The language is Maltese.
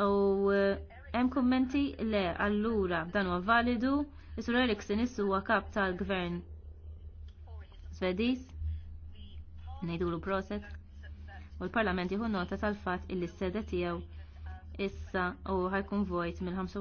U eh, hemm kummenti le allura dan huwa validu Isur Eriksen issu huwa kap tal-gvern Svediż ngħidulu proset. U l-Parlament jieħu nota tal-fatt illi s-seda tiegħu issa u ħajkun vojt mill-5